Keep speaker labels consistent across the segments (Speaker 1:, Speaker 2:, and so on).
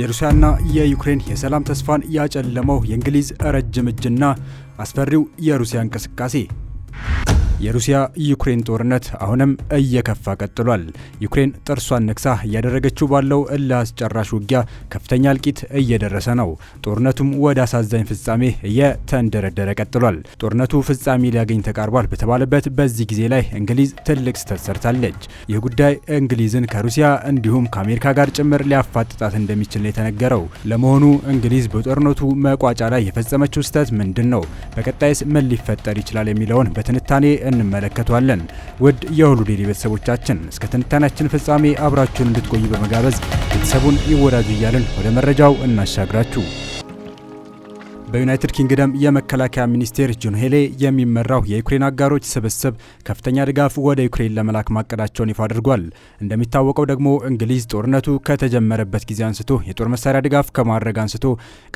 Speaker 1: የሩሲያና የዩክሬን የሰላም ተስፋን ያጨለመው የእንግሊዝ ረጅም እጅና አስፈሪው የሩሲያ እንቅስቃሴ የሩሲያ ዩክሬን ጦርነት አሁንም እየከፋ ቀጥሏል። ዩክሬን ጥርሷን ነክሳ እያደረገችው ባለው እልህ አስጨራሽ ውጊያ ከፍተኛ እልቂት እየደረሰ ነው። ጦርነቱም ወደ አሳዛኝ ፍጻሜ እየተንደረደረ ቀጥሏል። ጦርነቱ ፍጻሜ ሊያገኝ ተቃርቧል በተባለበት በዚህ ጊዜ ላይ እንግሊዝ ትልቅ ስህተት ሰርታለች። ይህ ጉዳይ እንግሊዝን ከሩሲያ እንዲሁም ከአሜሪካ ጋር ጭምር ሊያፋጥጣት እንደሚችል ነው የተነገረው። ለመሆኑ እንግሊዝ በጦርነቱ መቋጫ ላይ የፈጸመችው ስህተት ምንድን ነው? በቀጣይስ ምን ሊፈጠር ይችላል የሚለውን በትንታኔ እንመለከቷለን። ውድ የሁሉ ዴይሊ ቤተሰቦቻችን እስከ ትንታናችን ፍጻሜ አብራችሁን እንድትቆዩ በመጋበዝ ቤተሰቡን ይወዳጁ እያልን ወደ መረጃው እናሻግራችሁ። በዩናይትድ ኪንግደም የመከላከያ ሚኒስቴር ጆን ሄሌ የሚመራው የዩክሬን አጋሮች ስብስብ ከፍተኛ ድጋፍ ወደ ዩክሬን ለመላክ ማቀዳቸውን ይፋ አድርጓል። እንደሚታወቀው ደግሞ እንግሊዝ ጦርነቱ ከተጀመረበት ጊዜ አንስቶ የጦር መሳሪያ ድጋፍ ከማድረግ አንስቶ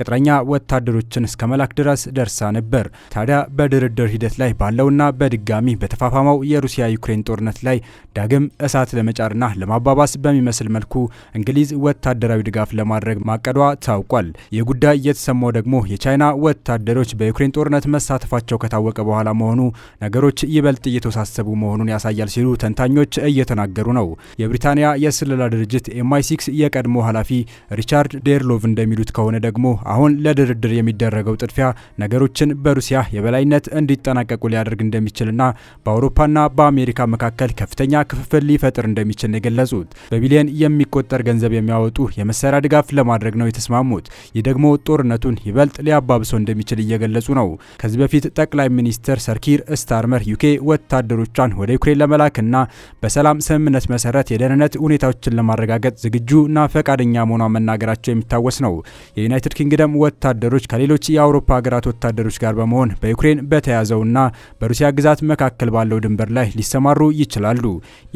Speaker 1: ቅጥረኛ ወታደሮችን እስከ መላክ ድረስ ደርሳ ነበር። ታዲያ በድርድር ሂደት ላይ ባለውና በድጋሚ በተፋፋመው የሩሲያ ዩክሬን ጦርነት ላይ ዳግም እሳት ለመጫርና ለማባባስ በሚመስል መልኩ እንግሊዝ ወታደራዊ ድጋፍ ለማድረግ ማቀዷ ታውቋል። ይህ ጉዳይ የተሰማው ደግሞ የቻይና ወታደሮች በዩክሬን ጦርነት መሳተፋቸው ከታወቀ በኋላ መሆኑ ነገሮች ይበልጥ እየተወሳሰቡ መሆኑን ያሳያል ሲሉ ተንታኞች እየተናገሩ ነው። የብሪታንያ የስለላ ድርጅት ኤምአይ ሲክስ የቀድሞ ኃላፊ ሪቻርድ ዴርሎቭ እንደሚሉት ከሆነ ደግሞ አሁን ለድርድር የሚደረገው ጥድፊያ ነገሮችን በሩሲያ የበላይነት እንዲጠናቀቁ ሊያደርግ እንደሚችልና በአውሮፓና በአሜሪካ መካከል ከፍተኛ ክፍፍል ሊፈጥር እንደሚችል ነው የገለጹት። በቢሊየን የሚቆጠር ገንዘብ የሚያወጡ የመሳሪያ ድጋፍ ለማድረግ ነው የተስማሙት። ይህ ደግሞ ጦርነቱን ይበልጥ ሊያባ ሊያባብሰው እንደሚችል እየገለጹ ነው። ከዚህ በፊት ጠቅላይ ሚኒስትር ሰርኪር ስታርመር ዩኬ ወታደሮቿን ወደ ዩክሬን ለመላክና በሰላም ስምምነት መሰረት የደህንነት ሁኔታዎችን ለማረጋገጥ ዝግጁና ፈቃደኛ መሆኗ መናገራቸው የሚታወስ ነው። የዩናይትድ ኪንግደም ወታደሮች ከሌሎች የአውሮፓ ሀገራት ወታደሮች ጋር በመሆን በዩክሬን በተያዘውና በሩሲያ ግዛት መካከል ባለው ድንበር ላይ ሊሰማሩ ይችላሉ።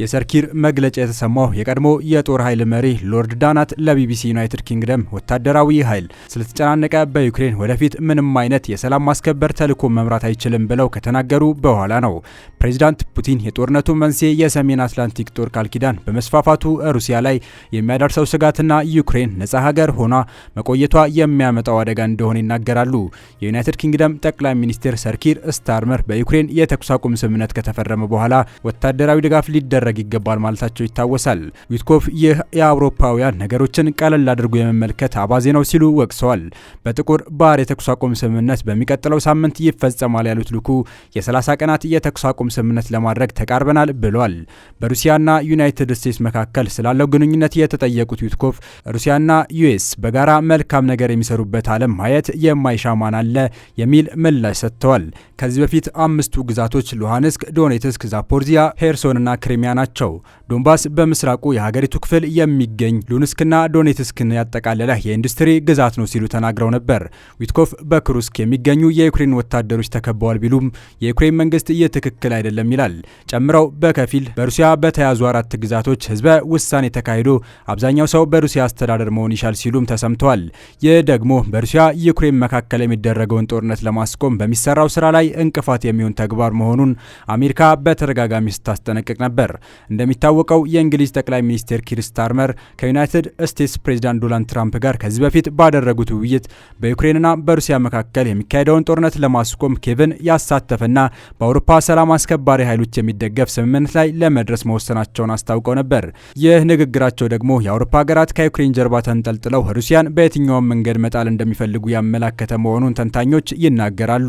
Speaker 1: የሰርኪር መግለጫ የተሰማው የቀድሞ የጦር ኃይል መሪ ሎርድ ዳናት ለቢቢሲ ዩናይትድ ኪንግደም ወታደራዊ ኃይል ስለተጨናነቀ በዩክሬን ወደፊት ሰራዊት ምንም አይነት የሰላም ማስከበር ተልዕኮ መምራት አይችልም ብለው ከተናገሩ በኋላ ነው ፕሬዚዳንት ፑቲን የጦርነቱ መንስኤ የሰሜን አትላንቲክ ጦር ቃል ኪዳን በመስፋፋቱ ሩሲያ ላይ የሚያደርሰው ስጋትና ዩክሬን ነጻ ሀገር ሆኗ መቆየቷ የሚያመጣው አደጋ እንደሆነ ይናገራሉ። የዩናይትድ ኪንግደም ጠቅላይ ሚኒስትር ሰር ኪር ስታርመር በዩክሬን የተኩስ አቁም ስምምነት ከተፈረመ በኋላ ወታደራዊ ድጋፍ ሊደረግ ይገባል ማለታቸው ይታወሳል። ዊትኮፍ ይህ የአውሮፓውያን ነገሮችን ቀለል አድርጎ የመመልከት አባዜ ነው ሲሉ ወቅሰዋል። በጥቁር ባህር የተኩስ አቁም ስምምነት በሚቀጥለው ሳምንት ይፈጸማል ያሉት ልኩ የ30 ቀናት የተኩስ አቁም ስምምነት ለማድረግ ተቃርበናል ብሏል። በሩሲያና ዩናይትድ ስቴትስ መካከል ስላለው ግንኙነት የተጠየቁት ዩትኮፍ ሩሲያና ዩኤስ በጋራ መልካም ነገር የሚሰሩበት ዓለም ማየት የማይሻማን አለ የሚል ምላሽ ሰጥተዋል። ከዚህ በፊት አምስቱ ግዛቶች ሉሃንስክ፣ ዶኔትስክ፣ ዛፖርዚያ፣ ሄርሶንና ክሪሚያ ናቸው። ዶንባስ በምስራቁ የሀገሪቱ ክፍል የሚገኝ ሉንስክና ዶኔትስክን ያጠቃለለ የኢንዱስትሪ ግዛት ነው ሲሉ ተናግረው ነበር ዊትኮፍ በካርኮቭ በክሩስክ የሚገኙ የዩክሬን ወታደሮች ተከበዋል ቢሉም የዩክሬን መንግስት ትክክል አይደለም ይላል። ጨምረው በከፊል በሩሲያ በተያዙ አራት ግዛቶች ህዝበ ውሳኔ ተካሂዶ አብዛኛው ሰው በሩሲያ አስተዳደር መሆን ይሻል ሲሉም ተሰምተዋል። ይህ ደግሞ በሩሲያ ዩክሬን መካከል የሚደረገውን ጦርነት ለማስቆም በሚሰራው ስራ ላይ እንቅፋት የሚሆን ተግባር መሆኑን አሜሪካ በተደጋጋሚ ስታስጠነቅቅ ነበር። እንደሚታወቀው የእንግሊዝ ጠቅላይ ሚኒስትር ኪር ስታርመር ከዩናይትድ ስቴትስ ፕሬዚዳንት ዶናልድ ትራምፕ ጋር ከዚህ በፊት ባደረጉት ውይይት በዩክሬንና በሩሲያ መካከል የሚካሄደውን ጦርነት ለማስቆም ኬቭን ያሳተፈና በአውሮፓ ሰላም አስከባሪ ኃይሎች የሚደገፍ ስምምነት ላይ ለመድረስ መወሰናቸውን አስታውቀው ነበር። ይህ ንግግራቸው ደግሞ የአውሮፓ ሀገራት ከዩክሬን ጀርባ ተንጠልጥለው ሩሲያን በየትኛውም መንገድ መጣል እንደሚፈልጉ ያመላከተ መሆኑን ተንታኞች ይናገራሉ።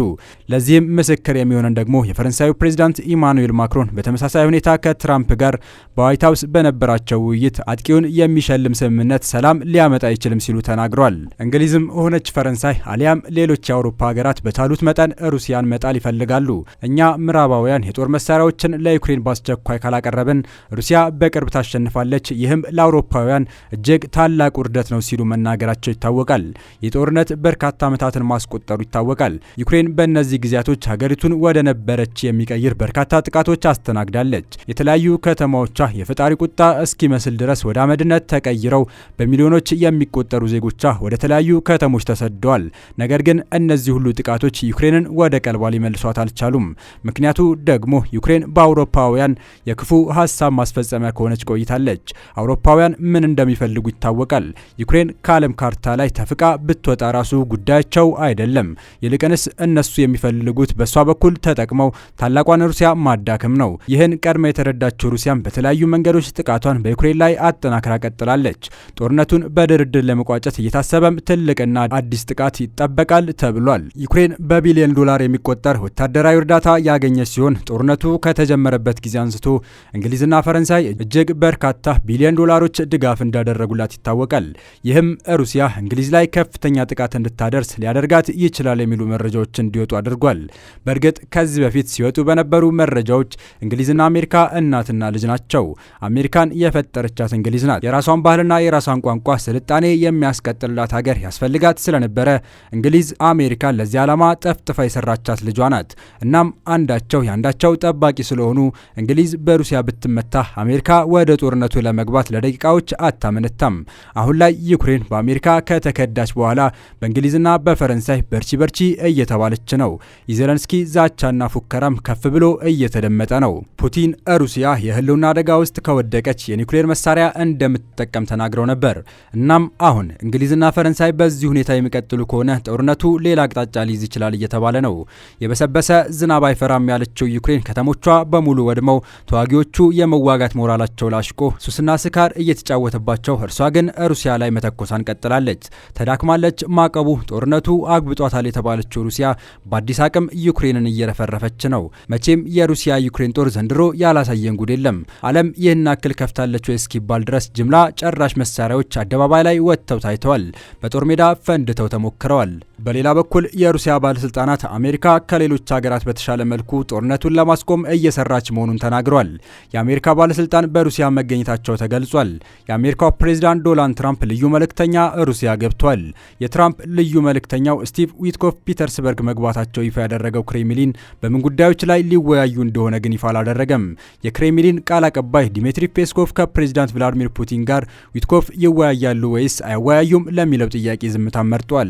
Speaker 1: ለዚህም ምስክር የሚሆነን ደግሞ የፈረንሳዩ ፕሬዚዳንት ኢማኑኤል ማክሮን በተመሳሳይ ሁኔታ ከትራምፕ ጋር በዋይት ሀውስ በነበራቸው ውይይት አጥቂውን የሚሸልም ስምምነት ሰላም ሊያመጣ አይችልም ሲሉ ተናግሯል። እንግሊዝም ሆነች ፈረንሳይ አሊያ ያም ሌሎች የአውሮፓ ሀገራት በቻሉት መጠን ሩሲያን መጣል ይፈልጋሉ። እኛ ምዕራባውያን የጦር መሳሪያዎችን ለዩክሬን በአስቸኳይ ካላቀረብን ሩሲያ በቅርብ ታሸንፋለች፣ ይህም ለአውሮፓውያን እጅግ ታላቅ ውርደት ነው ሲሉ መናገራቸው ይታወቃል። የጦርነት በርካታ ዓመታትን ማስቆጠሩ ይታወቃል። ዩክሬን በእነዚህ ጊዜያቶች ሀገሪቱን ወደ ነበረች የሚቀይር በርካታ ጥቃቶች አስተናግዳለች። የተለያዩ ከተማዎቿ የፈጣሪ ቁጣ እስኪመስል ድረስ ወደ አመድነት ተቀይረው በሚሊዮኖች የሚቆጠሩ ዜጎቿ ወደ ተለያዩ ከተሞች ተሰደዋል። ነገር ግን እነዚህ ሁሉ ጥቃቶች ዩክሬንን ወደ ቀልቧ ሊመልሷት አልቻሉም። ምክንያቱ ደግሞ ዩክሬን በአውሮፓውያን የክፉ ሀሳብ ማስፈጸሚያ ከሆነች ቆይታለች። አውሮፓውያን ምን እንደሚፈልጉ ይታወቃል። ዩክሬን ከዓለም ካርታ ላይ ተፍቃ ብትወጣ ራሱ ጉዳያቸው አይደለም። ይልቅንስ እነሱ የሚፈልጉት በእሷ በኩል ተጠቅመው ታላቋን ሩሲያ ማዳከም ነው። ይህን ቀድማ የተረዳችው ሩሲያን በተለያዩ መንገዶች ጥቃቷን በዩክሬን ላይ አጠናክራ ቀጥላለች። ጦርነቱን በድርድር ለመቋጨት እየታሰበም ትልቅና አዲስ ጥቃት ይጠ ይጠበቃል ተብሏል። ዩክሬን በቢሊዮን ዶላር የሚቆጠር ወታደራዊ እርዳታ ያገኘች ሲሆን ጦርነቱ ከተጀመረበት ጊዜ አንስቶ እንግሊዝና ፈረንሳይ እጅግ በርካታ ቢሊዮን ዶላሮች ድጋፍ እንዳደረጉላት ይታወቃል። ይህም ሩሲያ እንግሊዝ ላይ ከፍተኛ ጥቃት እንድታደርስ ሊያደርጋት ይችላል የሚሉ መረጃዎች እንዲወጡ አድርጓል። በእርግጥ ከዚህ በፊት ሲወጡ በነበሩ መረጃዎች እንግሊዝና አሜሪካ እናትና ልጅ ናቸው። አሜሪካን የፈጠረቻት እንግሊዝ ናት። የራሷን ባህልና የራሷን ቋንቋ ስልጣኔ የሚያስቀጥልላት ሀገር ያስፈልጋት ስለነበረ እንግሊዝ አሜሪካን ለዚህ ዓላማ ጠፍጥፋ የሰራቻት ልጇ ናት። እናም አንዳቸው የአንዳቸው ጠባቂ ስለሆኑ እንግሊዝ በሩሲያ ብትመታ አሜሪካ ወደ ጦርነቱ ለመግባት ለደቂቃዎች አታመነታም። አሁን ላይ ዩክሬን በአሜሪካ ከተከዳች በኋላ በእንግሊዝና በፈረንሳይ በርቺ በርቺ እየተባለች ነው። የዜለንስኪ ዛቻና ፉከራም ከፍ ብሎ እየተደመጠ ነው። ፑቲን ሩሲያ የህልውና አደጋ ውስጥ ከወደቀች የኒውክሌር መሳሪያ እንደምትጠቀም ተናግረው ነበር። እናም አሁን እንግሊዝና ፈረንሳይ በዚህ ሁኔታ የሚቀጥሉ ከሆነ ጦርነቱ ሌላ አቅጣጫ ሊይዝ ይችላል እየተባለ ነው። የበሰበሰ ዝናብ አይፈራም ያለችው ዩክሬን ከተሞቿ በሙሉ ወድመው ተዋጊዎቹ የመዋጋት ሞራላቸው ላሽቆ ሱስና ስካር እየተጫወተባቸው፣ እርሷ ግን ሩሲያ ላይ መተኮሳን ቀጥላለች። ተዳክማለች። ማዕቀቡ፣ ጦርነቱ አግብጧታል የተባለችው ሩሲያ በአዲስ አቅም ዩክሬንን እየረፈረፈች ነው። መቼም የሩሲያ ዩክሬን ጦር ዘንድሮ ያላሳየን ጉድ የለም። ዓለም ይህን አክል ከፍታለች ወይ እስኪባል ድረስ ጅምላ ጨራሽ መሳሪያዎች አደባባይ ላይ ወጥተው ታይተዋል። በጦር ሜዳ ፈንድተው ተሞክረዋል። በሌላ በኩል የሩሲያ ባለስልጣናት አሜሪካ ከሌሎች ሀገራት በተሻለ መልኩ ጦርነቱን ለማስቆም እየሰራች መሆኑን ተናግረዋል። የአሜሪካ ባለስልጣን በሩሲያ መገኘታቸው ተገልጿል። የአሜሪካው ፕሬዚዳንት ዶናልድ ትራምፕ ልዩ መልእክተኛ ሩሲያ ገብቷል። የትራምፕ ልዩ መልእክተኛው ስቲቭ ዊትኮፍ ፒተርስበርግ መግባታቸው ይፋ ያደረገው ክሬምሊን በምን ጉዳዮች ላይ ሊወያዩ እንደሆነ ግን ይፋ አላደረገም። የክሬምሊን ቃል አቀባይ ዲሚትሪ ፔስኮቭ ከፕሬዚዳንት ቭላዲሚር ፑቲን ጋር ዊትኮፍ ይወያያሉ ወይስ አይወያዩም ለሚለው ጥያቄ ዝምታ መርጧል።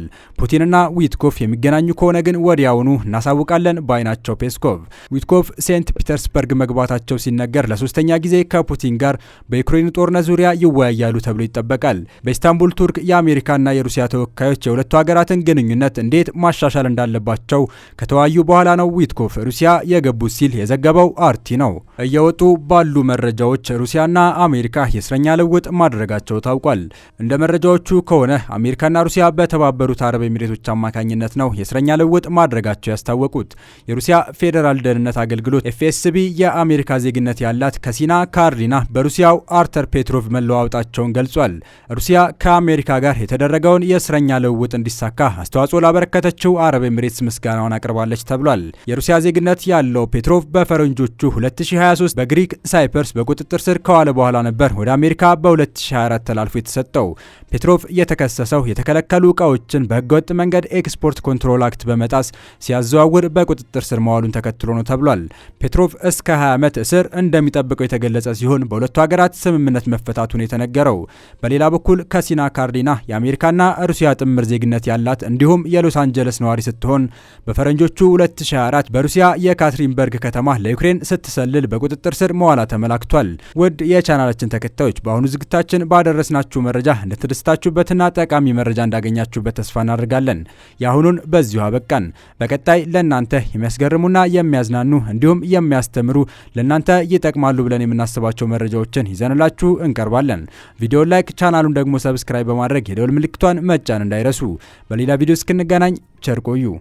Speaker 1: ፑቲንና ዊትኮፍ የሚገናኙ ከሆነ ግን ወዲያውኑ እናሳውቃለን ባይ ናቸው ፔስኮቭ። ዊትኮፍ ሴንት ፒተርስበርግ መግባታቸው ሲነገር ለሶስተኛ ጊዜ ከፑቲን ጋር በዩክሬን ጦርነት ዙሪያ ይወያያሉ ተብሎ ይጠበቃል። በኢስታንቡል ቱርክ የአሜሪካና የሩሲያ ተወካዮች የሁለቱ ሀገራትን ግንኙነት እንዴት ማሻሻል እንዳለባቸው ከተወያዩ በኋላ ነው ዊትኮፍ ሩሲያ የገቡት ሲል የዘገበው አርቲ ነው። እየወጡ ባሉ መረጃዎች ሩሲያና አሜሪካ የእስረኛ ልውውጥ ማድረጋቸው ታውቋል። እንደ መረጃዎቹ ከሆነ አሜሪካና ሩሲያ በተባበሩት አረብ ኤሚሬ ቤቶች አማካኝነት ነው የእስረኛ ልውውጥ ማድረጋቸው ያስታወቁት። የሩሲያ ፌዴራል ደህንነት አገልግሎት ኤፍኤስቢ የአሜሪካ ዜግነት ያላት ከሲና ካርዲና በሩሲያው አርተር ፔትሮቭ መለዋወጣቸውን ገልጿል። ሩሲያ ከአሜሪካ ጋር የተደረገውን የእስረኛ ልውውጥ እንዲሳካ አስተዋጽኦ ላበረከተችው አረብ ኤምሬትስ ምስጋናውን አቅርባለች ተብሏል። የሩሲያ ዜግነት ያለው ፔትሮቭ በፈረንጆቹ 2023 በግሪክ ሳይፐርስ በቁጥጥር ስር ከዋለ በኋላ ነበር ወደ አሜሪካ በ2024 ተላልፎ የተሰጠው። ፔትሮቭ የተከሰሰው የተከለከሉ እቃዎችን በህገወጥ መንገድ ኤክስፖርት ኮንትሮል አክት በመጣስ ሲያዘዋውር በቁጥጥር ስር መዋሉን ተከትሎ ነው ተብሏል። ፔትሮቭ እስከ 20 ዓመት እስር እንደሚጠብቀው የተገለጸ ሲሆን በሁለቱ ሀገራት ስምምነት መፈታቱን የተነገረው። በሌላ በኩል ከሲና ካርዲና የአሜሪካና ሩሲያ ጥምር ዜግነት ያላት እንዲሁም የሎስ አንጀለስ ነዋሪ ስትሆን በፈረንጆቹ 2024 በሩሲያ የካትሪንበርግ ከተማ ለዩክሬን ስትሰልል በቁጥጥር ስር መዋላ ተመላክቷል። ውድ የቻናላችን ተከታዮች በአሁኑ ዝግታችን ባደረስናችሁ መረጃ እንደተደስታችሁበትና ጠቃሚ መረጃ እንዳገኛችሁበት ተስፋ እናደርጋለን። እንጠብቃለን። የአሁኑን በዚሁ አበቃን። በቀጣይ ለእናንተ የሚያስገርሙና የሚያዝናኑ እንዲሁም የሚያስተምሩ ለእናንተ ይጠቅማሉ ብለን የምናስባቸው መረጃዎችን ይዘንላችሁ እንቀርባለን። ቪዲዮን ላይክ፣ ቻናሉን ደግሞ ሰብስክራይብ በማድረግ የደወል ምልክቷን መጫን እንዳይረሱ። በሌላ ቪዲዮ እስክንገናኝ ቸር ቆዩ።